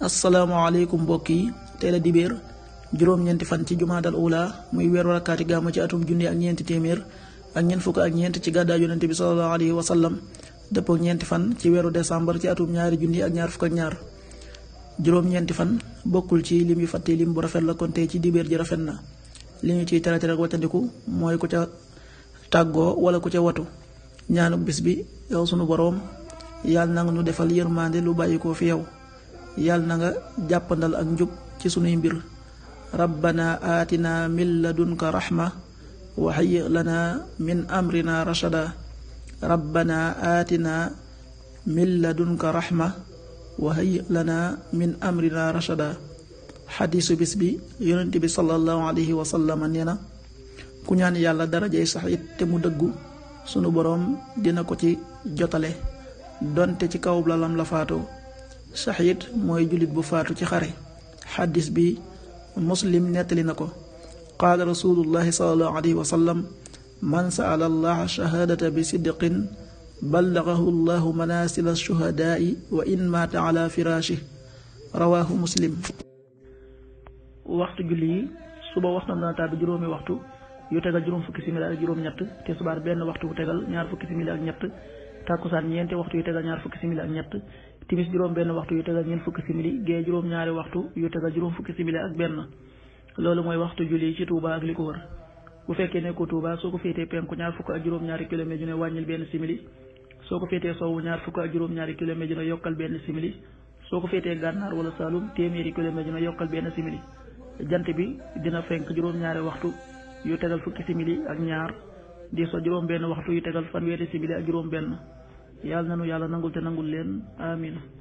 asalaamaaleykum mbokk yi teel a dibéer juróom-ñeenti fan ci jumaadal ula muy weeru warakaati gàmmu ci atum junni ak ñeenti téeméer ak ñeent fukk ak ñeent ci gàddaay yonente bi sallallahu alayhi wa sallam dëppoo ak ñeenti fan ci weeru décembre ci atum ñaari junni ak ñaar fukk ak ñaar juróom-ñeenti fan bokkul ci lim yu fàtte lim bu rafet la kon tey ci dibéer ji rafet na li ñu ciy tere tere ak wattandiku mooy ku ca tàggoo wala ku ca watu ñaanuk bis bi yow sunu boroom yàlla na nga nu defal yërmande lu bàyyi ko fi yow. yàlla na nga jàppandal ak njub ci sunuy mbir rabbana aatina min ladunka raxma wa hayyi lana min amrina rashada rabbana aatina min raxma wa hayyi lana min amrina rashada xadiisu bis bi yonent bi sallallahu alayhi wa sallam nee na ku ñaan yàlla darajay sax it te mu dëggu sunu borom dina ko ci jotale donte ci kaw lalam la faatoo shahid mooy jullit bu faatu ci xare xaddis bi muslim nettali na ko qaala rasulullahi salallahu alayhi wa sallam man saala allaha shahaadata bi sidqin ballagahu llahu manasila shuhadaai wa in maata ala firaashih rawaahu muslim waxtu julli yi suba waxtam dana tàbbi juróomi waxtu yu tegal juróom fukki simili ñett te waxtu bu tegal ñaar fukki simili ak ñett tàkkusaan ñeenti waxtu yu tegal ñaar fukki simili ak ñett timis juróom benn waxtu yu tegal ñeent fukki simili gee juróom ñaari waxtu yu tegal fukki simili ak benn loolu mooy waxtu julli ci Touba ak li ko wër bu fekkee nekkoo Touba soo ko féetee penku ñaar fukk ak juróom-ñaari kilomètre yu ne wàññil benn simili soo ko féetee ñaar fukk ak juróom-ñaari kilomètre yu ne yokkal benn simili soo ko féetee gànnaar wala Saalum téeméeri kilomètre yu ne yokkal benn simili jant bi dina fenk juróom-ñaari waxtu yu tegal fukki simili ak ñaar di so juróom benn waxtu yu tegal fanweeri simili ak juróom benn yàlla na nu yàlla nangul te nangul leen amiin